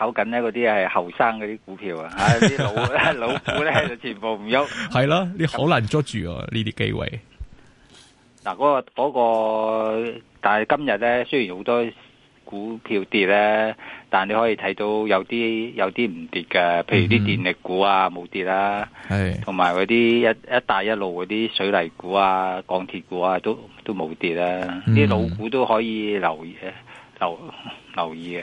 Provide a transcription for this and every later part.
炒緊呢嗰啲係後生嗰啲股票啊，啲老 老股咧就全部唔喐。係 咯、啊，你好難捉住啊，呢啲機會。嗱、嗰個，嗰個嗰個，但係今日咧，雖然好多股票跌咧，但你可以睇到有啲有啲唔跌嘅，譬如啲電力股啊，冇跌啦，係同埋嗰啲一一帶一路嗰啲水泥股啊、鋼鐵股啊，都都冇跌啦，啲、mm-hmm. 老股都可以留意。留留意嘅，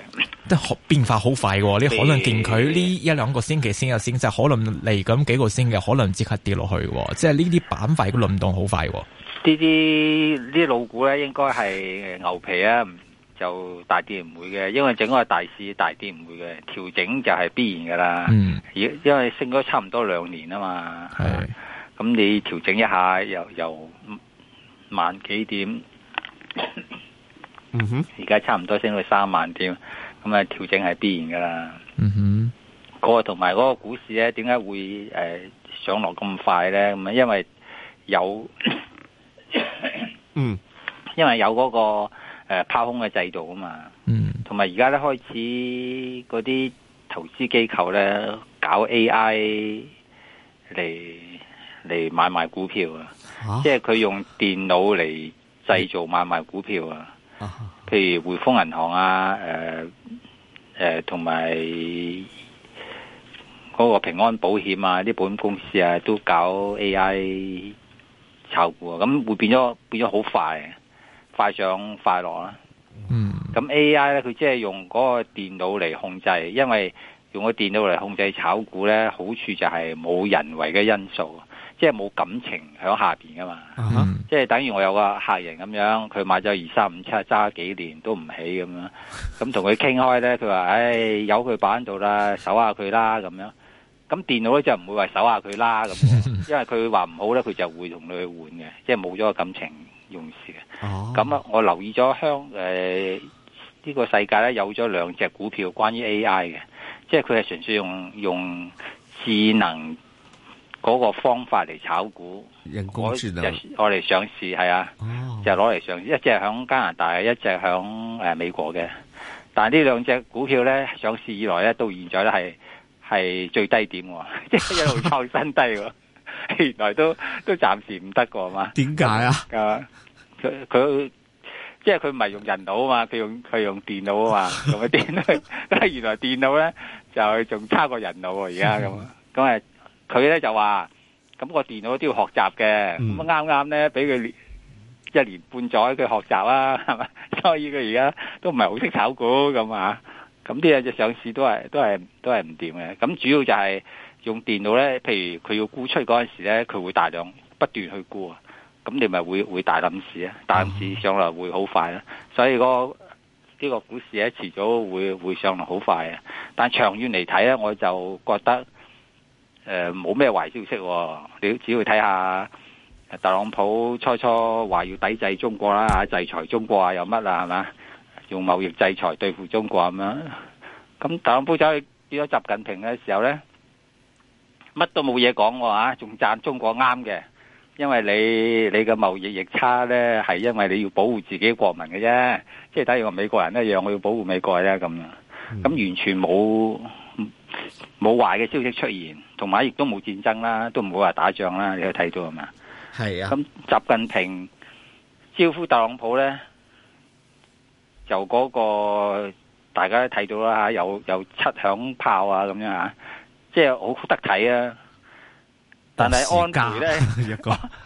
即係變化好快嘅、哦。你可能見佢呢一兩個星期先有升，就可能嚟緊幾個星期，可能即刻跌落去、哦。即係呢啲板塊嘅輪動好快、哦這些。呢啲呢啲老股咧，應該係牛皮啊，就大啲唔會嘅。因為整個大市大啲唔會嘅，調整就係必然噶啦。嗯，因為升咗差唔多兩年啊嘛，係咁你調整一下，又由萬幾點？ 而、mm-hmm. 家差唔多升到三萬點，咁啊，調整係必然噶啦。嗯哼，嗰個同埋嗰個股市咧，點解會誒、呃、上落咁快咧？咁啊，因為有，嗯、mm-hmm.，因為有嗰、那個誒拋、呃、空嘅制度啊嘛。嗯，同埋而家咧開始嗰啲投資機構咧，搞 A I 嚟嚟買賣股票啊，huh? 即係佢用電腦嚟製造買賣股票啊。譬如匯豐銀行啊，誒、呃、誒，同埋嗰個平安保險啊，啲保險公司啊，都搞 AI 炒股啊，咁會變咗變咗好快，快上快落啦。嗯 AI 呢，咁 AI 咧，佢即係用嗰個電腦嚟控制，因為用個電腦嚟控制炒股咧，好處就係冇人為嘅因素。即係冇感情喺下邊噶嘛，uh-huh. 嗯、即係等於我有個客人咁樣，佢買咗二三五七揸幾年都唔起咁樣，咁同佢傾開咧，佢話唉，由佢擺喺度啦，守下佢啦咁樣。咁電腦咧就唔會話守下佢啦，咁，因為佢話唔好咧，佢就會同你去換嘅，即係冇咗個感情用事嘅。咁、uh-huh. 啊，我留意咗香誒呢、呃這個世界咧有咗兩隻股票關於 AI 嘅，即係佢係純粹用用智能。嗰個方法嚟炒股，人工智能，我哋上市係啊，就攞嚟上市，一隻喺加拿大，一隻喺誒美國嘅。但係呢兩隻股票咧上市以來咧，到現在咧係係最低點喎，即係一路創新低喎。原來都都暫時唔得過啊嘛？點解啊？係嘛？佢佢即係佢唔係用人腦啊嘛，佢用佢用電腦啊嘛。用個電腦，但係原來電腦咧就仲差過人腦喎，而家咁咁啊。佢咧就話咁個電腦都要學習嘅，咁啱啱咧俾佢一年半載佢學習啦，係嘛？所以佢而家都唔係好識炒股咁啊！咁啲嘢就上市都係都係都係唔掂嘅。咁主要就係用電腦咧，譬如佢要沽出嗰陣時咧，佢會大量不斷去沽啊！咁你咪會會大冧市啊？大冧市上落會好快啊。所以、個呢、個股市咧遲早會會上落好快啊。但長遠嚟睇咧，我就覺得。誒、呃，冇咩壞消息喎，你都只要睇下特朗普初初話要抵制中國啦，制裁中國啊，又乜啦，係嘛？用貿易制裁對付中國咁樣，咁特朗普走去見咗習近平嘅時候呢，乜都冇嘢講喎，仲讚中國啱嘅，因為你你嘅貿易逆差呢，係因為你要保護自己國民嘅啫，即係等於個美國人一樣，我要保護美國咧咁，咁完全冇。冇壞嘅消息出現，同埋亦都冇戰爭啦，都唔會話打仗啦，你都睇到係嘛？係啊，咁習近平招呼特朗普咧，由嗰、那個大家都睇到啦吓，有有七響炮啊咁樣啊，即係好得體啊。但係安倍咧，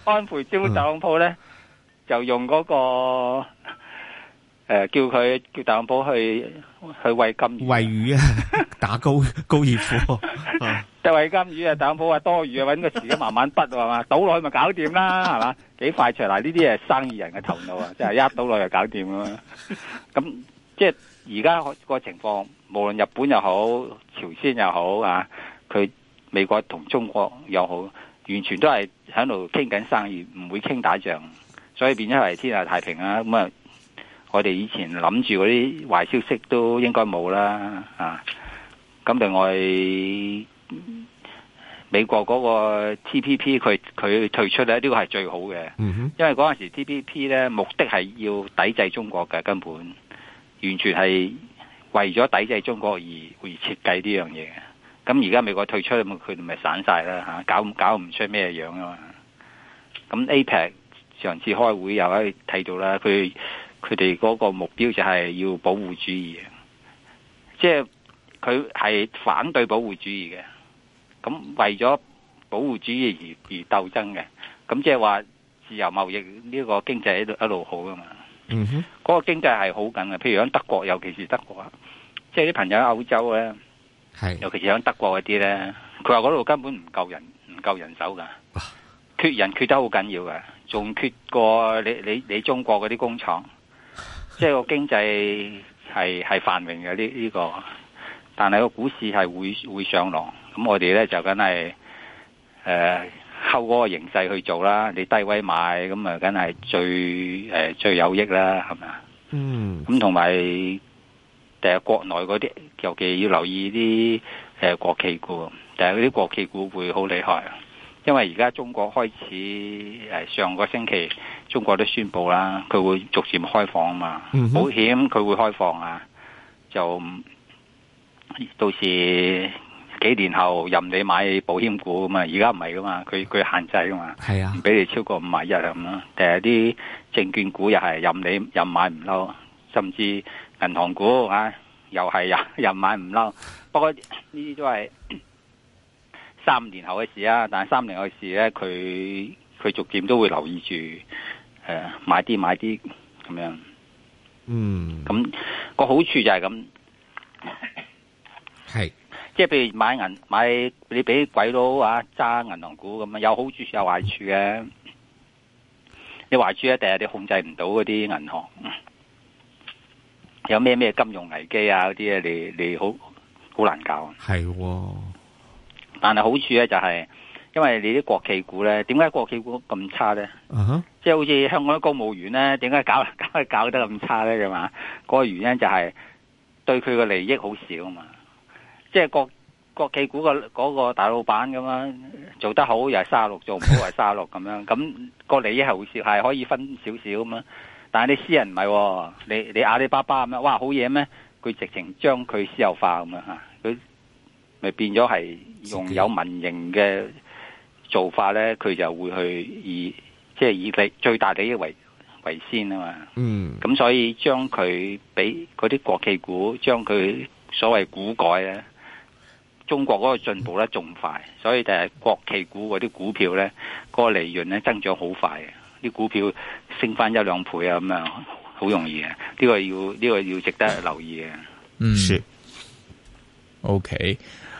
安倍招呼特朗普咧，嗯，就用嗰、那個。誒、呃，叫佢叫特朗普去去餵金魚，餵魚啊， 打高高爾夫，啊， 餵金魚啊，特朗普話多魚啊，搵、啊、個時間慢慢滗係嘛， 倒落去咪搞掂啦、啊，係嘛，幾快脆嗱呢啲係生意人嘅頭腦啊， 即係一倒落就搞掂啦、啊。咁即係而家個情況，無論日本又好，朝鮮又好啊，佢美國同中國又好，完全都係響度傾緊生意，唔會傾打仗，所以變咗係天下太平啊，咁啊。我哋以前諗住嗰啲壞消息都應該冇啦啊！咁另外美國嗰個 TPP，佢佢退出咧，呢個係最好嘅，因為嗰陣時 TPP 咧，目的係要抵制中國嘅，根本完全係為咗抵制中國而而設計呢樣嘢嘅。咁而家美國退出，咁佢哋咪散曬啦嚇，搞搞唔出咩樣啊嘛。咁 APEC 上次開會又喺度睇到啦，佢。佢哋嗰個目標就係要保護主義，即係佢係反對保護主義嘅，咁為咗保護主義而而鬥爭嘅，咁即係話自由貿易呢個經濟喺度一路好噶嘛？嗯哼，嗰個經濟係好緊嘅，譬如響德國，尤其是德國啊，即係啲朋友喺歐洲咧，係，尤其是響德國嗰啲咧，佢話嗰度根本唔夠人，唔夠人手噶，缺人缺得好緊要嘅，仲缺過你你你中國嗰啲工廠。即係個經濟係係繁榮嘅呢呢個，但係個股市係會會上落，咁我哋咧就梗係誒，靠、呃、嗰個形勢去做啦。你低位買，咁啊，梗係最誒最有益啦，係咪啊？嗯、mm.。咁同埋第日國內嗰啲，尤其要留意啲誒國企股，第日嗰啲國企股會好厲害啊。因為而家中國開始誒，上個星期中國都宣布啦，佢會逐漸開放啊嘛，嗯、保險佢會開放啊，就到時幾年後任你買保險股咁嘛，而家唔係噶嘛，佢佢限制噶嘛，係啊，唔俾你超過五萬一咁咯。第啲證券股又係任你任買唔嬲，甚至銀行股啊又係任任買唔嬲，不過呢啲都係。三年後嘅事啊，但係三年後嘅事咧、啊，佢佢逐漸都會留意住，誒、啊，買啲買啲咁樣。嗯，咁、那個好處就係咁，係，即係譬如買銀買，你俾鬼佬啊揸銀行股咁樣，有好處有壞處嘅、嗯。你壞處一定係你控制唔到嗰啲銀行，有咩咩金融危機啊嗰啲啊，那些你你好好難搞。係、哦。但係好處咧就係、是，因為你啲國企股咧，點解國企股咁差咧？即、uh-huh. 係好似香港啲公務員咧，點解搞搞搞得咁差咧？噶嘛，那個原因就係對佢、就是個, 那個利益好少啊嘛。即係國國企股個嗰個大老闆咁樣做得好又係卅六，做唔好係卅六咁樣，咁個利益係好少，係可以分少少咁。但係你私人唔係、哦，你你阿里巴巴咁樣，哇好嘢咩？佢直情將佢私有化咁樣吓，佢。咪變咗係用有民營嘅做法咧，佢就會去以即係以最最大的利益為為先啊嘛。嗯，咁所以將佢俾嗰啲國企股，將佢所謂股改咧，中國嗰個進步咧仲快，所以就係國企股嗰啲股票咧，嗰個利潤咧增長好快嘅，啲股票升翻一兩倍啊咁樣，好容易啊！呢個要呢個要值得留意啊。嗯，OK。Okay.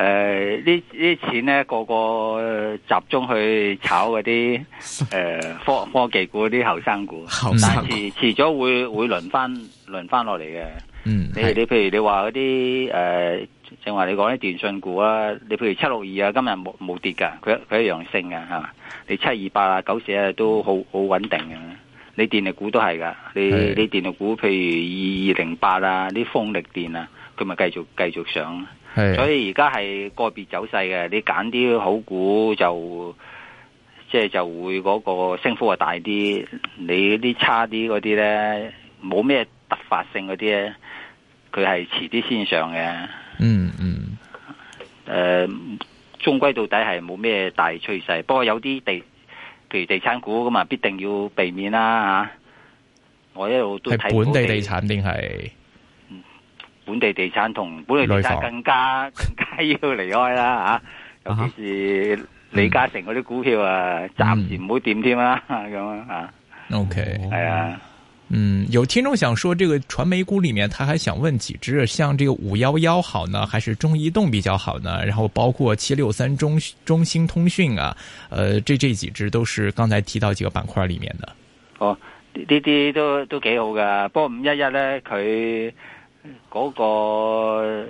誒、呃，呢啲錢咧個個集中去炒嗰啲誒科科技股啲後生股，但係遲遲咗會會輪翻輪翻落嚟嘅。嗯，你你譬如你話嗰啲誒，正話你講啲電信股啊，你譬如七六二啊，今日冇冇跌噶，佢佢一樣升嘅係嘛？你七二八啊，九四啊都好好穩定嘅。你電力股都係噶，你你電力股譬如二二零八啊，啲風力電啊，佢咪繼續繼續上。是所以而家係個別走勢嘅，你揀啲好股就即係、就是、就會嗰個升幅啊大啲，你啲差啲嗰啲呢，冇咩突發性嗰啲呢，佢係遲啲先上嘅。嗯嗯，誒、呃，終歸到底係冇咩大趨勢，不過有啲地，譬如地產股咁啊，必定要避免啦、啊、吓。我一路都睇本地地產定係。本地地產同本地地產更加更加要離開啦吓，尤其是李嘉誠嗰啲股票啊，暫、嗯、時唔會點添啦咁啊。OK，係、嗯、啊，嗯，有聽眾想說，這個傳媒股裏面，他還想問幾支，像這個五幺幺好呢，還是中移動比較好呢？然後包括七六三中中興通訊啊，呃，這這幾支都是剛才提到幾個板塊裏面的。哦，呢啲都都幾好噶，不過五一一咧佢。嗰、那個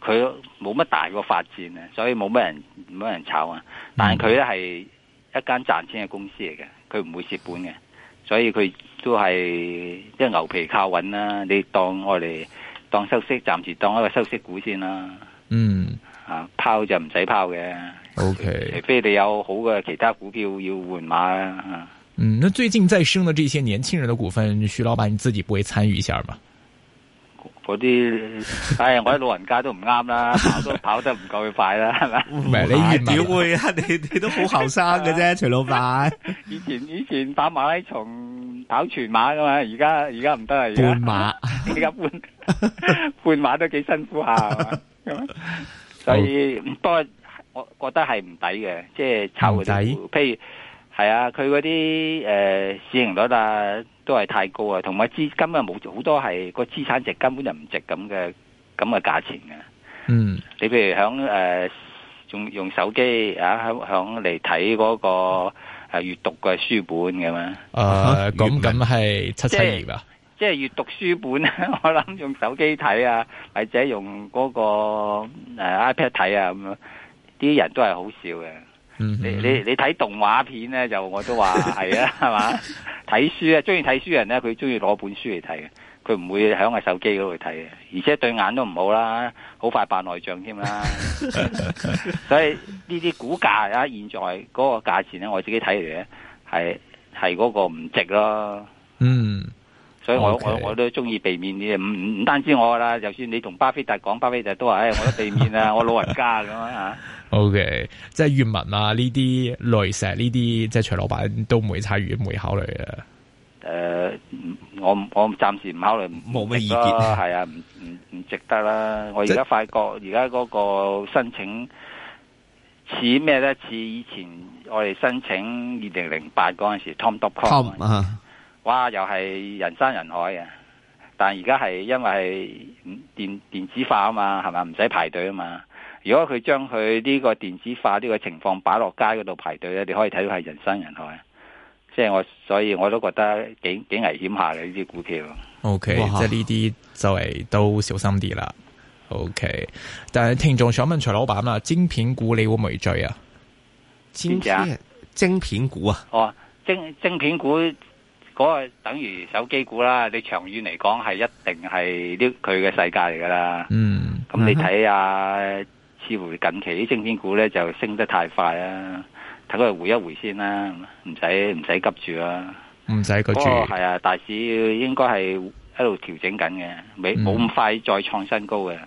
佢冇乜大個發展啊，所以冇乜人冇乜人炒啊。但係佢咧係一間賺錢嘅公司嚟嘅，佢唔會蝕本嘅，所以佢都係即係牛皮靠穩啦。你當我哋當收息暫時當一個收息股先啦。嗯，啊，拋就唔使拋嘅。O、okay. K，除非你有好嘅其他股票要換馬。嗯，那最近在升的這些年輕人的股份，徐老闆你自己不會參與一下嗎？嗰啲，唉，我啲老人家都唔啱啦，跑都跑得唔夠佢快啦，係嘛？唔係你越表會啊，你你都好後生嘅啫，徐老闆。以前以前跑馬拉松跑全馬噶嘛，而家而家唔得啦，而家半馬，而家半半馬都幾辛苦下，係嘛？所以不過我覺得係唔抵嘅，即係籌底，譬如係啊，佢嗰啲誒市盈率啊。都係太高啊，同埋資金啊冇好多係個資產值根本就唔值咁嘅咁嘅價錢嘅，嗯呃。嗯，你譬如響誒用用手機啊，響響嚟睇嗰個係閲讀嘅書本嘅咩？誒，咁咁係七七二啊！即係閲讀書本咧，我諗用手機睇啊，或者用嗰、嗰個、呃、iPad 睇啊，咁樣啲人都係好笑嘅。Mm-hmm. 你你你睇動畫片咧，就我都話係啊，係 嘛？睇書啊，中意睇書人咧，佢中意攞本書嚟睇嘅，佢唔會響個手機嗰度睇嘅，而且對眼都唔好啦，好快白內障添啦。 所以呢啲股價啊，現在嗰個價錢咧，我自己睇嚟咧，係係嗰個唔值咯。嗯、mm-hmm.，所以我、okay. 我我都中意避免啲，唔唔單止我啦，就算你同巴菲特講，巴菲特都話，唉、哎，我都避免啊，我老人家咁啊。O、okay, K，即係粵文啊，呢啲雷石呢啲即係徐老闆都唔會參與，唔會考慮、呃、啊。誒，我我暫時唔考慮，冇咩意見。係啊，唔唔值得啦。我而家發覺，而家嗰個申請似咩咧？似以前我哋申請二零零八嗰陣時、Tom.com，Tom 啊哇，又係人山人海啊！但而家係因為電電子化啊嘛，係咪唔使排隊啊嘛。如果佢將佢呢個電子化呢個情況擺落街嗰度排隊咧，你可以睇到係人山人海，即係我，所以我都覺得幾幾危險下嘅呢啲股票的。OK，即係呢啲就係都小心啲啦。OK，但係聽眾想問徐老闆啦，晶片股你會唔會追啊？晶片，晶片股啊？哦，晶晶片股嗰個等於手機股啦，你長遠嚟講係一定係呢佢嘅世界嚟噶啦。嗯，咁你睇啊？嗯似乎近期啲升天股咧就升得太快啦，等佢回一回先啦，唔使唔使急住啊，唔使急住。係、哦、啊，大市應該係一路調整緊嘅，沒冇咁、嗯、快再創新高嘅。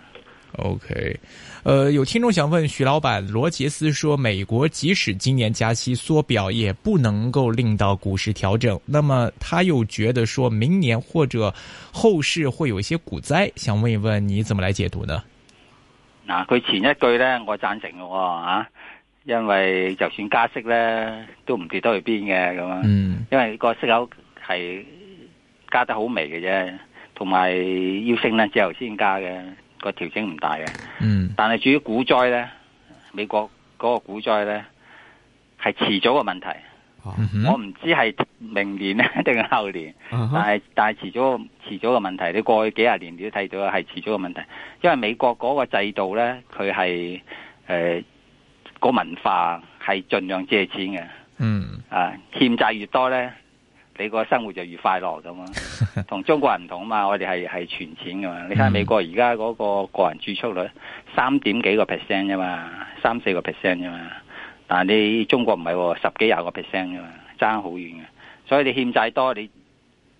OK，誒、呃，有聽眾想問徐老闆，羅傑斯說美國即使今年加息縮表也不能夠令到股市調整，那麼他又覺得說明年或者後市會有一些股災，想問一問你怎麼來解讀呢？嗱，佢前一句咧，我贊成嘅吓，啊，因為就算加息咧，都唔跌得去邊嘅咁啊樣。嗯，因為個息口係加得好微嘅啫，同埋要升咧之後先加嘅，個調整唔大嘅。嗯，但係至於股災咧，美國嗰個股災咧係遲早嘅問題。嗯、呢我唔知係明年咧定後年，但係但係遲早遲早嘅問題，你過去幾廿年你都睇到係遲早嘅問題，因為美國嗰個制度呢，佢係誒個文化係盡量借錢嘅，嗯，欠債、啊、越多呢，你個生活就越快樂咁啊，同 中國人唔同啊嘛，我哋係係存錢噶嘛，你睇下美國而家嗰個個人儲蓄率三點幾個 percent 啫嘛，三四個 percent 啫嘛。嗱，你中國唔係喎，十幾廿個 percent 噶嘛，爭好遠嘅。所以你欠債多，你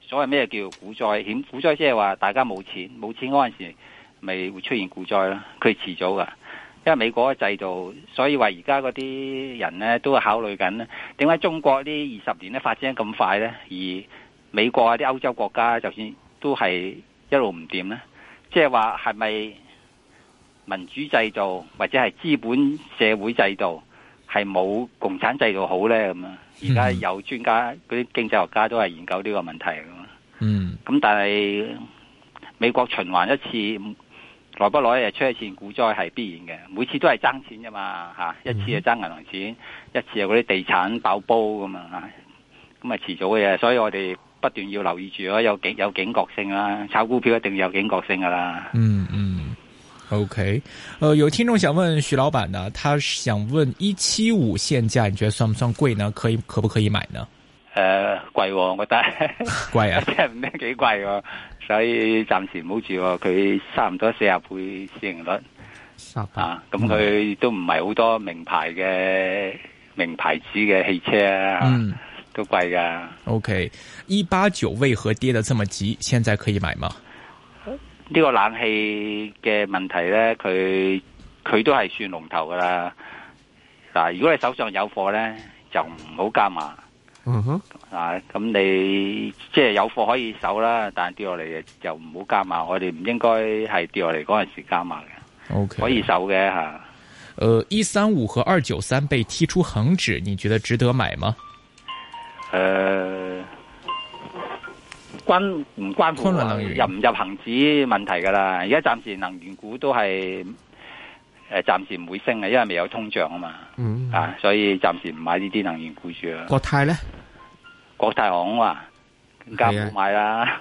所謂咩叫股災？險股災即係話大家冇錢，冇錢嗰陣時咪會出現股災咯。佢遲早噶，因為美國嘅制度，所以話而家嗰啲人咧都會考慮緊呢。點解中國呢二十年咧發展咁快呢？而美國啊啲歐洲國家，就算都係一路唔掂呢？即係話係咪民主制度或者係資本社會制度？係冇共產制度好呢？咁啊！而家有專家嗰啲經濟學家都係研究呢個問題噶嘛。嗯。咁但係美國循環一次，耐不耐又出一次股災係必然嘅。每次都係爭錢啫嘛，吓、啊、一次係爭銀行錢，一次係嗰啲地產爆煲咁嘛。咁啊遲早嘅嘢，所以我哋不斷要留意住咯，有警有警覺性啦。炒股票一定要有警覺性㗎啦。嗯嗯。OK，呃，有聽眾想問徐老闆呢，他想問一七五現價，你覺得算唔算貴呢？可以可不可以買呢？呃，貴，哦，我覺得貴 啊，即係唔知幾貴㗎，哦，所以暫時唔好住喎，哦，佢差唔多四十倍市盈率，嗯、啊，咁佢都唔係好多名牌嘅，嗯、名牌子嘅汽車啊，嗯，都貴噶。OK，一八九為何跌得這麼急？現在可以買嗎？呢、這個冷氣嘅問題呢，佢佢都係算龍頭噶啦。嗱，如果你手上有貨呢，就唔好加碼。哼、uh-huh. 啊。嗱，咁你即係有貨可以守啦，但係跌落嚟就唔好加碼。我哋唔應該係跌落嚟嗰陣時加碼嘅。O K。可以守嘅吓。一三五和二九三被踢出恒指，你覺得值得買嗎？誒、uh,。關唔關乎入唔入恒指問題噶啦？而家暫時能源股都係誒，暫時唔會升啊，因為未有通脹啊嘛、嗯，啊，所以暫時唔買呢啲能源股住啦。國泰咧，國泰航空啊，更加冇買啦。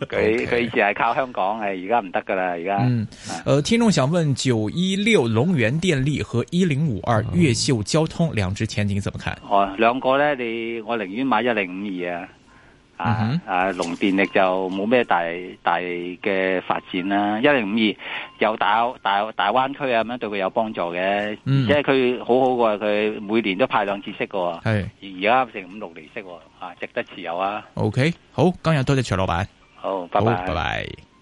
佢佢以前係靠香港，係而家唔得噶啦，而家。嗯，誒、呃，聽眾想問九一六龍源電力和一零五二越秀交通兩隻前景怎麼看？哦、嗯，兩個咧，你我寧願買一零五二啊。啊、uh-huh. 啊！龍、啊、電力就冇咩大大嘅發展啦、啊，一零五二有大大大灣區啊，咁樣對佢有幫助嘅，mm-hmm. 即係佢好好嘅、啊，佢每年都派兩次息嘅、啊，係而而家成五六厘息、啊，啊，值得持有啊。OK，好，今日多謝徐老闆，好，拜拜，拜拜。